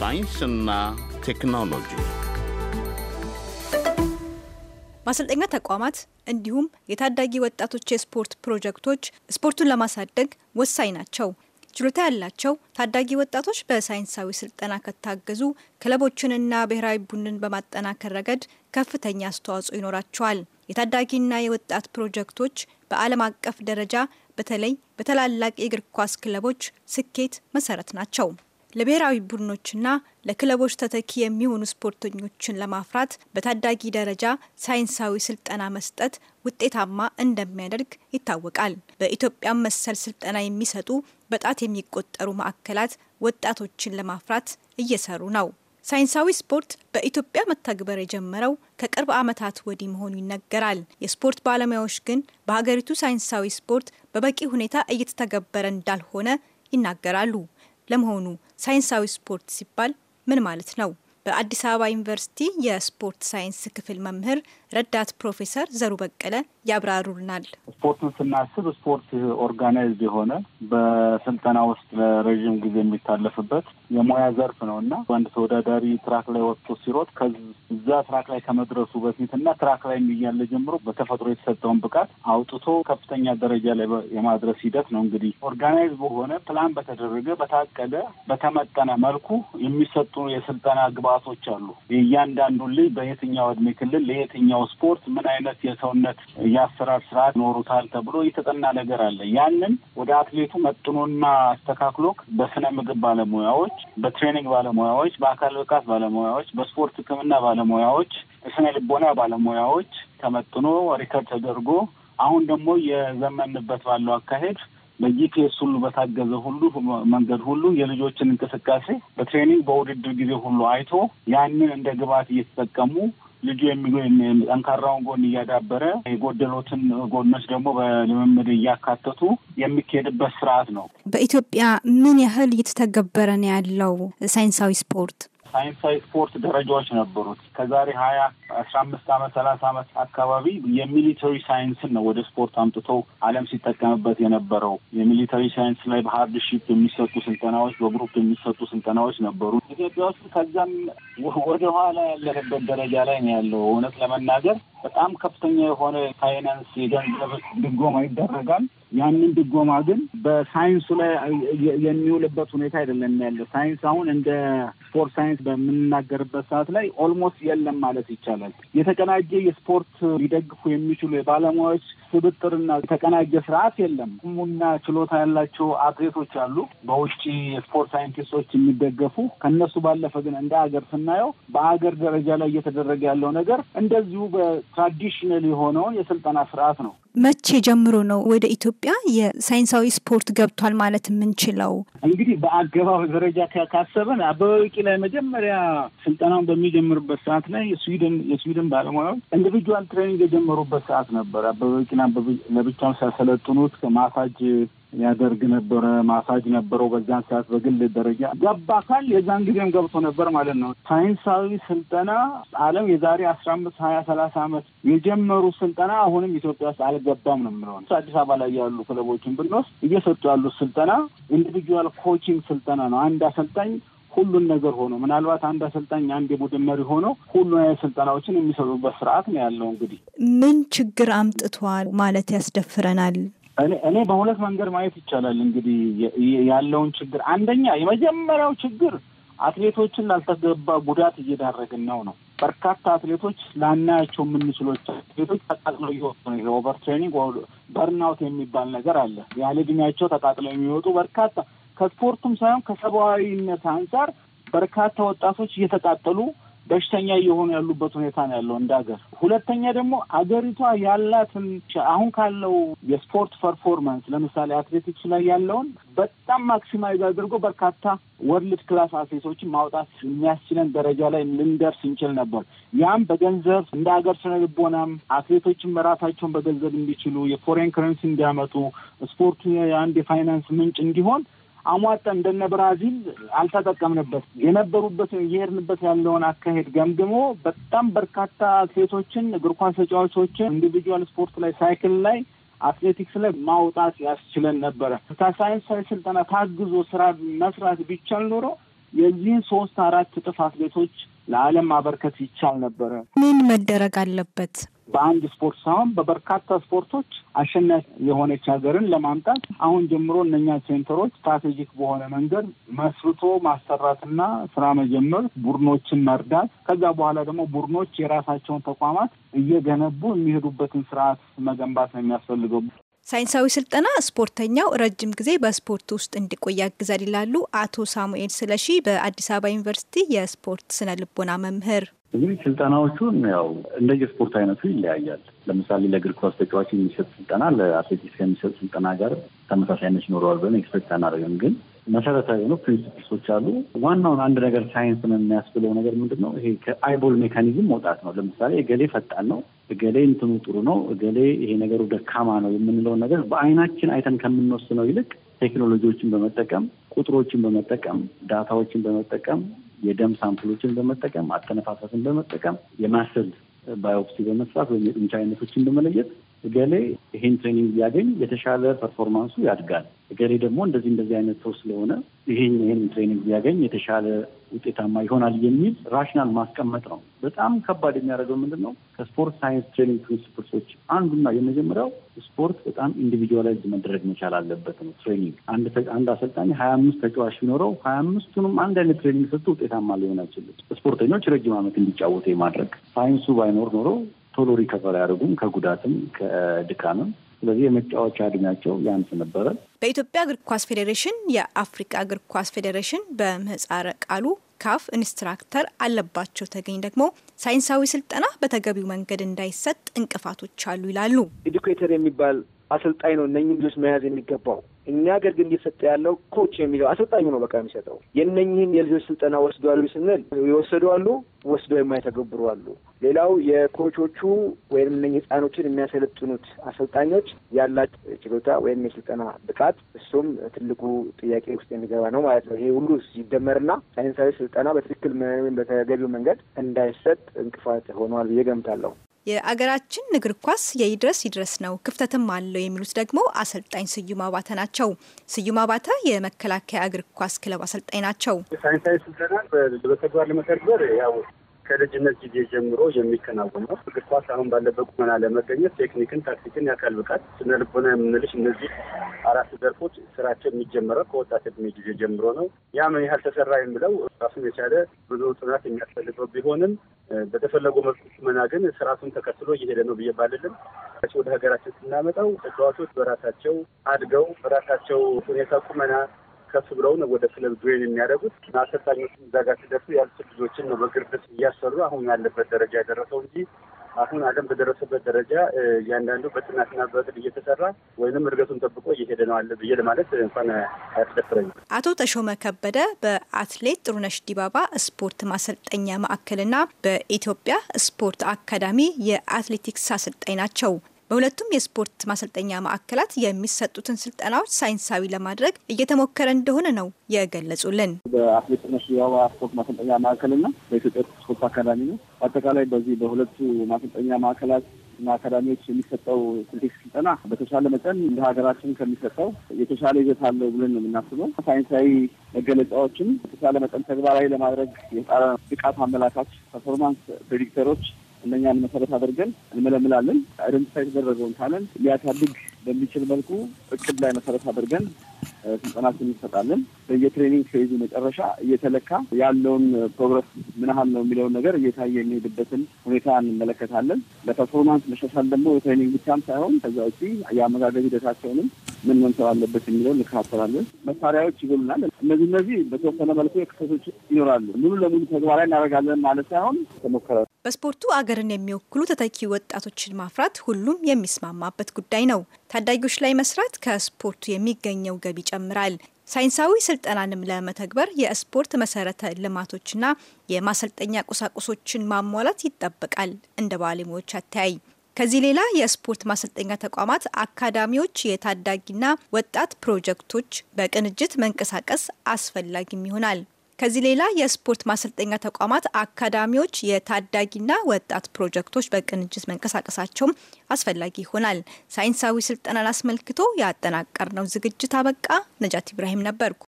ሳይንስና ቴክኖሎጂ ማሰልጠኛ ተቋማት እንዲሁም የታዳጊ ወጣቶች የስፖርት ፕሮጀክቶች ስፖርቱን ለማሳደግ ወሳኝ ናቸው። ችሎታ ያላቸው ታዳጊ ወጣቶች በሳይንሳዊ ስልጠና ከታገዙ ክለቦችንና ብሔራዊ ቡድንን በማጠናከር ረገድ ከፍተኛ አስተዋጽኦ ይኖራቸዋል። የታዳጊና የወጣት ፕሮጀክቶች በዓለም አቀፍ ደረጃ በተለይ በታላላቅ የእግር ኳስ ክለቦች ስኬት መሰረት ናቸው። ለብሔራዊ ቡድኖችና ለክለቦች ተተኪ የሚሆኑ ስፖርተኞችን ለማፍራት በታዳጊ ደረጃ ሳይንሳዊ ስልጠና መስጠት ውጤታማ እንደሚያደርግ ይታወቃል። በኢትዮጵያ መሰል ስልጠና የሚሰጡ በጣት የሚቆጠሩ ማዕከላት ወጣቶችን ለማፍራት እየሰሩ ነው። ሳይንሳዊ ስፖርት በኢትዮጵያ መተግበር የጀመረው ከቅርብ ዓመታት ወዲህ መሆኑ ይነገራል። የስፖርት ባለሙያዎች ግን በሀገሪቱ ሳይንሳዊ ስፖርት በበቂ ሁኔታ እየተተገበረ እንዳልሆነ ይናገራሉ። ለመሆኑ ሳይንሳዊ ስፖርት ሲባል ምን ማለት ነው? በአዲስ አበባ ዩኒቨርሲቲ የስፖርት ሳይንስ ክፍል መምህር ረዳት ፕሮፌሰር ዘሩ በቀለ ያብራሩልናል። ስፖርትን ስናስብ ስፖርት ኦርጋናይዝድ የሆነ በስልጠና ውስጥ ለረዥም ጊዜ የሚታለፍበት የሙያ ዘርፍ ነው እና አንድ ተወዳዳሪ ትራክ ላይ ወጥቶ ሲሮጥ ከዛ ትራክ ላይ ከመድረሱ በፊት እና ትራክ ላይ እያለ ጀምሮ በተፈጥሮ የተሰጠውን ብቃት አውጥቶ ከፍተኛ ደረጃ ላይ የማድረስ ሂደት ነው። እንግዲህ ኦርጋናይዝ በሆነ ፕላን በተደረገ በታቀደ በተመጠነ መልኩ የሚሰጡ የስልጠና ግብዓቶች አሉ። እያንዳንዱ ልጅ በየትኛው እድሜ ክልል ለየትኛው የትኛው ስፖርት ምን አይነት የሰውነት የአሰራር ስርዓት ይኖሩታል ተብሎ የተጠና ነገር አለ። ያንን ወደ አትሌቱ መጥኖና አስተካክሎ በስነ ምግብ ባለሙያዎች፣ በትሬኒንግ ባለሙያዎች፣ በአካል ብቃት ባለሙያዎች፣ በስፖርት ሕክምና ባለሙያዎች፣ የስነ ልቦና ባለሙያዎች ተመጥኖ ሪከርድ ተደርጎ አሁን ደግሞ የዘመንበት ባለው አካሄድ በጂፒኤስ ሁሉ በታገዘ ሁሉ መንገድ ሁሉ የልጆችን እንቅስቃሴ በትሬኒንግ በውድድር ጊዜ ሁሉ አይቶ ያንን እንደ ግብዓት እየተጠቀሙ ልጁ ጠንካራውን ጎን እያዳበረ የጎደሎትን ጎኖች ደግሞ በልምምድ እያካተቱ የሚካሄድበት ስርዓት ነው። በኢትዮጵያ ምን ያህል እየተተገበረ ነው ያለው ሳይንሳዊ ስፖርት? ሳይንሳዊ ስፖርት ደረጃዎች ነበሩት። ከዛሬ ሀያ አስራ አምስት አመት ሰላሳ አመት አካባቢ የሚሊተሪ ሳይንስን ነው ወደ ስፖርት አምጥቶ አለም ሲጠቀምበት የነበረው። የሚሊተሪ ሳይንስ ላይ በሀርድሺፕ የሚሰጡ ስልጠናዎች፣ በግሩፕ የሚሰጡ ስልጠናዎች ነበሩ። ኢትዮጵያ ውስጥ ከዛም ወደኋላ ያለንበት ደረጃ ላይ ነው ያለው። እውነት ለመናገር በጣም ከፍተኛ የሆነ ፋይናንስ የገንዘብ ድጎማ ይደረጋል። ያንን ድጎማ ግን በሳይንሱ ላይ የሚውልበት ሁኔታ አይደለም ያለ። ሳይንስ አሁን እንደ ስፖርት ሳይንስ በምንናገርበት ሰዓት ላይ ኦልሞስት የለም ማለት ይቻላል። የተቀናጀ የስፖርት ሊደግፉ የሚችሉ የባለሙያዎች ስብጥርና የተቀናጀ ስርዓት የለም። ሙና ችሎታ ያላቸው አትሌቶች አሉ፣ በውጭ የስፖርት ሳይንቲስቶች የሚደገፉ ከነሱ ባለፈ ግን እንደ ሀገር ስናየው በሀገር ደረጃ ላይ እየተደረገ ያለው ነገር እንደዚሁ በትራዲሽነል የሆነውን የስልጠና ስርዓት ነው። መቼ ጀምሮ ነው ወደ ኢትዮጵያ የሳይንሳዊ ስፖርት ገብቷል ማለት የምንችለው? እንግዲህ በአገባብ ደረጃ ካሰበን አበበ ቢቂላ መጀመሪያ ስልጠናውን በሚጀምርበት ሰዓት ላይ የስዊድን የስዊድን ባለሙያዎች ኢንዲቪጁዋል ትሬኒንግ የጀመሩበት ሰዓት ነበር። አበበ ቢቂላ ለብቻውን ሲያሰለጥኑት ከማሳጅ ያደርግ ነበረ። ማሳጅ ነበረው በዛን ሰዓት በግል ደረጃ ገባ አካል የዛን ጊዜም ገብቶ ነበር ማለት ነው። ሳይንሳዊ ስልጠና ዓለም የዛሬ አስራ አምስት ሀያ ሰላሳ ዓመት የጀመሩ ስልጠና አሁንም ኢትዮጵያ ውስጥ አልገባም ነው የምለው። አዲስ አበባ ላይ ያሉ ክለቦችን ብንወስድ እየሰጡ ያሉት ስልጠና ኢንዲቪጁዋል ኮቺንግ ስልጠና ነው። አንድ አሰልጣኝ ሁሉን ነገር ሆኖ ምናልባት አንድ አሰልጣኝ አንድ የቡድን መሪ ሆኖ ሁሉ አይነት ስልጠናዎችን የሚሰጡበት ስርዓት ነው ያለው። እንግዲህ ምን ችግር አምጥቷል ማለት ያስደፍረናል። እኔ እኔ በሁለት መንገድ ማየት ይቻላል እንግዲህ ያለውን ችግር። አንደኛ የመጀመሪያው ችግር አትሌቶችን ላልተገባ ጉዳት እየዳረግን ነው ነው በርካታ አትሌቶች ላናያቸው የምንችሎች አትሌቶች ተቃጥለው እየወጡ ነው። ኦቨር ትሬኒንግ በርናውት የሚባል ነገር አለ። ያለ እድሜያቸው ተቃጥለው የሚወጡ በርካታ ከስፖርቱም ሳይሆን ከሰብአዊነት አንጻር በርካታ ወጣቶች እየተቃጠሉ በሽተኛ እየሆኑ ያሉበት ሁኔታ ነው ያለው እንደ ሀገር። ሁለተኛ ደግሞ አገሪቷ ያላትን አሁን ካለው የስፖርት ፐርፎርማንስ ለምሳሌ አትሌቲክስ ላይ ያለውን በጣም ማክሲማይዝ አድርጎ በርካታ ወርልድ ክላስ አትሌቶችን ማውጣት የሚያስችለን ደረጃ ላይ ልንደርስ እንችል ነበር። ያም በገንዘብ እንደ ሀገር ስነ ልቦናም አትሌቶችን ራሳቸውን በገንዘብ እንዲችሉ የፎሬን ከረንሲ እንዲያመጡ ስፖርቱ የአንድ የፋይናንስ ምንጭ እንዲሆን አሟጠን እንደነ ብራዚል አልተጠቀምንበት የነበሩበት እየሄድንበት ያለውን አካሄድ ገምግሞ በጣም በርካታ አትሌቶችን እግር ኳስ ተጫዋቾችን ኢንዲቪጁዋል ስፖርት ላይ ሳይክል ላይ አትሌቲክስ ላይ ማውጣት ያስችለን ነበረ። ከሳይንሳዊ ስልጠና ታግዞ ስራ መስራት ቢቻል ኖሮ የዚህን ሶስት አራት እጥፍ አትሌቶች ለዓለም ማበርከት ይቻል ነበረ። ምን መደረግ አለበት? በአንድ ስፖርት ሳይሆን በበርካታ ስፖርቶች አሸናፊ የሆነች ሀገርን ለማምጣት አሁን ጀምሮ እነኛ ሴንተሮች ስትራቴጂክ በሆነ መንገድ መስርቶ ማሰራትና ስራ መጀመር፣ ቡድኖችን መርዳት፣ ከዛ በኋላ ደግሞ ቡድኖች የራሳቸውን ተቋማት እየገነቡ የሚሄዱበትን ስርዓት መገንባት ነው የሚያስፈልገው። ሳይንሳዊ ስልጠና ስፖርተኛው ረጅም ጊዜ በስፖርት ውስጥ እንዲቆይ ያግዛል ይላሉ አቶ ሳሙኤል ስለሺ በአዲስ አበባ ዩኒቨርሲቲ የስፖርት ስነ ልቦና መምህር። እንግዲህ ስልጠናዎቹን ያው እንደ የስፖርት አይነቱ ይለያያል። ለምሳሌ ለእግር ኳስ ተጫዋች የሚሰጥ ስልጠና ለአትሌቲክስ ከሚሰጥ ስልጠና ጋር ተመሳሳይነት ይኖረዋል ብለን ኤክስፔክት አናደርግም። ግን መሰረታዊ ነው ፕሪንስፕሶች አሉ። ዋናውን አንድ ነገር ሳይንስ ነው የሚያስብለው ነገር ምንድን ነው? ይሄ ከአይቦል ሜካኒዝም መውጣት ነው። ለምሳሌ እገሌ ፈጣን ነው፣ እገሌ እንትኑ ጥሩ ነው፣ እገሌ ይሄ ነገሩ ደካማ ነው የምንለውን ነገር በአይናችን አይተን ከምንወስነው ይልቅ ቴክኖሎጂዎችን በመጠቀም ቁጥሮችን በመጠቀም ዳታዎችን በመጠቀም የደም ሳምፕሎችን በመጠቀም አተነፋፈስን በመጠቀም የማስል ባዮፕሲ በመስራት ወይም የጡንቻ አይነቶችን በመለየት እገሌ ይሄን ትሬኒንግ ቢያገኝ የተሻለ ፐርፎርማንሱ ያድጋል፣ እገሌ ደግሞ እንደዚህ እንደዚህ አይነት ሰው ስለሆነ ይሄን ይሄን ትሬኒንግ ቢያገኝ የተሻለ ውጤታማ ይሆናል የሚል ራሽናል ማስቀመጥ ነው። በጣም ከባድ የሚያደርገው ምንድን ነው? ከስፖርት ሳይንስ ትሬኒንግ ፕሪንስፕልሶች አንዱና የመጀመሪያው ስፖርት በጣም ኢንዲቪጁዋላይዝ መደረግ መቻል አለበት ነው። ትሬኒንግ አንድ አሰልጣኝ ሀያ አምስት ተጫዋች ቢኖረው ሀያ አምስቱንም አንድ አይነት ትሬኒንግ ሰጥቶ ውጤታማ ሊሆን አይችልም። ስፖርተኞች ረጅም ዓመት እንዲጫወቱ የማድረግ ሳይንሱ ባይኖር ኖሮ ቶሎ ሪከቨር አያደርጉም ከጉዳትም ከድካምም። ስለዚህ የመጫወቻ እድሜያቸው ያንስ ነበረ። በኢትዮጵያ እግር ኳስ ፌዴሬሽን የአፍሪካ እግር ኳስ ፌዴሬሽን በምህጻረ ቃሉ ካፍ ኢንስትራክተር አለባቸው ተገኝ ደግሞ ሳይንሳዊ ስልጠና በተገቢው መንገድ እንዳይሰጥ እንቅፋቶች አሉ ይላሉ። ኢዱኬተር የሚባል አሰልጣኝ ነው እነኝም ልጆች መያዝ የሚገባው እኛ ገር ግን እየሰጠ ያለው ኮች የሚለው አሰልጣኙ ነው በቃ የሚሰጠው። የነኝህን የልጆች ስልጠና ወስደዋሉ ስንል የወሰዱ አሉ፣ ወስደው የማይተገብሩ አሉ። ሌላው የኮቾቹ ወይም እነ ህፃኖችን የሚያሰለጥኑት አሰልጣኞች ያላት ችሎታ ወይም የስልጠና ብቃት፣ እሱም ትልቁ ጥያቄ ውስጥ የሚገባ ነው ማለት ነው። ይሄ ሁሉ ሲደመርና ሳይንሳዊ ስልጠና በትክክል በተገቢው መንገድ እንዳይሰጥ እንቅፋት ሆኗል ብዬ ገምታለሁ። የአገራችን እግር ኳስ የይድረስ ይድረስ ነው፣ ክፍተትም አለው የሚሉት ደግሞ አሰልጣኝ ስዩም አባተ ናቸው። ስዩም አባተ የመከላከያ እግር ኳስ ክለብ አሰልጣኝ ናቸው። ሳይንሳዊ ስልጠና በተግባር ለመተግበር ያው ከልጅነት ጊዜ ጀምሮ የሚከናወን ነው። እግር ኳስ አሁን ባለበት ቁመና ለመገኘት ቴክኒክን፣ ታክቲክን፣ የአካል ብቃት፣ ስነ ልቦና የምንልሽ እነዚህ አራት ዘርፎች ስራቸው የሚጀመረው ከወጣት እድሜ ጊዜ ጀምሮ ነው። ያ ምን ያህል ተሰራ የምለው ራሱን የቻለ ብዙ ጥናት የሚያስፈልገው ቢሆንም በተፈለጉ መልኩ ቁመና ግን ስርዓቱን ተከትሎ እየሄደ ነው ብዬ ባልልም ወደ ሀገራችን ስናመጣው ተጫዋቾች በራሳቸው አድገው በራሳቸው ሁኔታ ቁመና ከፍ ብለው ነው ወደ ክለብ ጆይን የሚያደርጉት እና እዛ ጋር ሲደርሱ ያሉት ልጆችን ነው በግርድፍ እያሰሩ አሁን ያለበት ደረጃ የደረሰው እንጂ አሁን ዓለም በደረሰበት ደረጃ እያንዳንዱ በጥናትና በቅድ እየተሰራ ወይም እድገቱን ጠብቆ እየሄደ ነው አለ ብዬ ለማለት እንኳን አያስደፍረኝ። አቶ ተሾመ ከበደ በአትሌት ጥሩነሽ ዲባባ ስፖርት ማሰልጠኛ ማዕከልና በኢትዮጵያ ስፖርት አካዳሚ የአትሌቲክስ አሰልጣኝ ናቸው። በሁለቱም የስፖርት ማሰልጠኛ ማዕከላት የሚሰጡትን ስልጠናዎች ሳይንሳዊ ለማድረግ እየተሞከረ እንደሆነ ነው የገለጹልን። በአትሌቶች የዋ ስፖርት ማሰልጠኛ ማዕከልና በኢትዮጵያ ስፖርት አካዳሚ ነው። በአጠቃላይ በዚህ በሁለቱ ማሰልጠኛ ማዕከላት እና አካዳሚዎች የሚሰጠው አትሌቲክስ ስልጠና በተሻለ መጠን እንደ ሀገራችን ከሚሰጠው የተሻለ ይዘት አለው ብለን ነው የምናስበው። ሳይንሳዊ መገለጫዎችን በተሻለ መጠን ተግባራዊ ለማድረግ የጣረ ብቃት አመላካች ፐርፎርማንስ ፕሬዲክተሮች እነኛን መሰረት አድርገን እንመለምላለን። አይደንቲፋይ የተደረገውን ታለንት ሊያሳድግ በሚችል መልኩ እቅድ ላይ መሰረት አድርገን ስልጠናችን እንሰጣለን። በየትሬኒንግ ፌዙ መጨረሻ እየተለካ ያለውን ፕሮግረስ ምን ያህል ነው የሚለውን ነገር እየታየ የሚሄድበትን ሁኔታ እንመለከታለን። ለፐርፎርማንስ መሻሻል ደግሞ የትሬኒንግ ብቻም ሳይሆን ከዛ ውጪ የአመጋገብ ሂደታቸውንም ምን መምሰል አለበት የሚለው እንከታተላለን። መሳሪያዎች ይጎሉናል። እነዚህ እነዚህ በተወሰነ መልኩ ክፍተቶች ይኖራሉ። ሙሉ ለሙሉ ተግባራዊ እናደርጋለን ማለት ሳይሆን ተሞከረ በስፖርቱ አገርን የሚወክሉ ተተኪ ወጣቶችን ማፍራት ሁሉም የሚስማማበት ጉዳይ ነው። ታዳጊዎች ላይ መስራት ከስፖርቱ የሚገኘው ገቢ ይጨምራል። ሳይንሳዊ ስልጠናንም ለመተግበር የስፖርት መሰረተ ልማቶችና የማሰልጠኛ ቁሳቁሶችን ማሟላት ይጠበቃል እንደ ባለሙያዎች አተያይ። ከዚህ ሌላ የስፖርት ማሰልጠኛ ተቋማት፣ አካዳሚዎች የታዳጊና ወጣት ፕሮጀክቶች በቅንጅት መንቀሳቀስ አስፈላጊም ይሆናል። ከዚህ ሌላ የስፖርት ማሰልጠኛ ተቋማት፣ አካዳሚዎች፣ የታዳጊና ወጣት ፕሮጀክቶች በቅንጅት መንቀሳቀሳቸውም አስፈላጊ ይሆናል። ሳይንሳዊ ስልጠናን አስመልክቶ ያጠናቀርነው ዝግጅት አበቃ። ነጃት ኢብራሂም ነበርኩ።